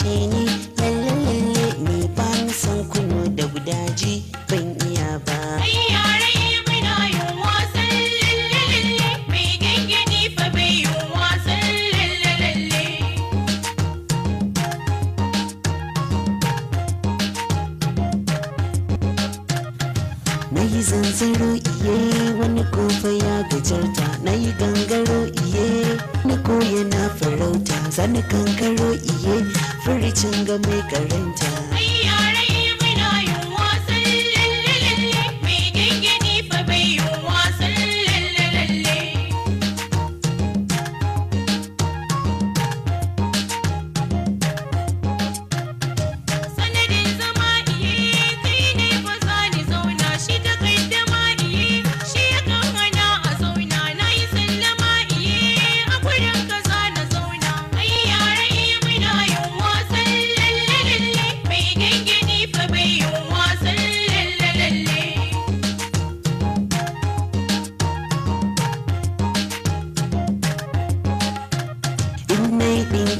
kashe ni lalle lalle ni ba ni san kuno da gudaji yi zanzaro iye wani kofa ya gajarta na yi gangaro iye na koya na farauta zani kankaro iye furicin ga mai karanta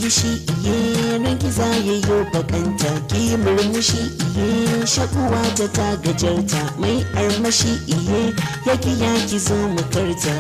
gishi iye ragiza ya yi bakanta ki murmushi iye shakuwa ta ta gajarta mai armashi iye yaki yaki zo makarta.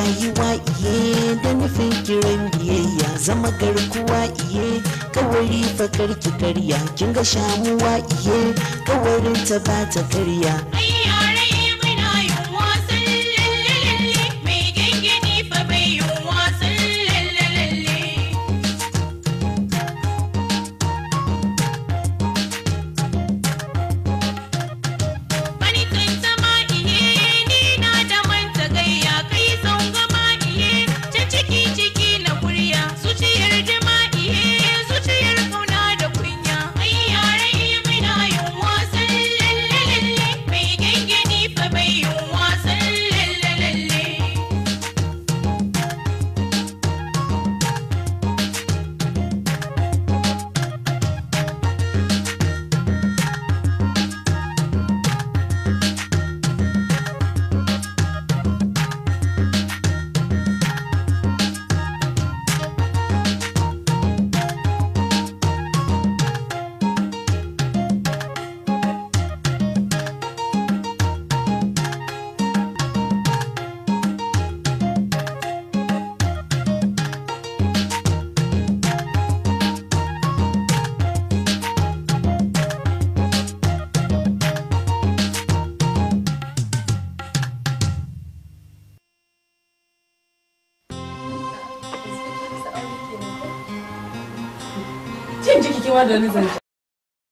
rayuwa iye da nufin kiran biyayya zama garkuwa iye kawari fakar ki karya kin ga shamuwa iye kawarin ta ba ta karya in ji wanda ma da wani zance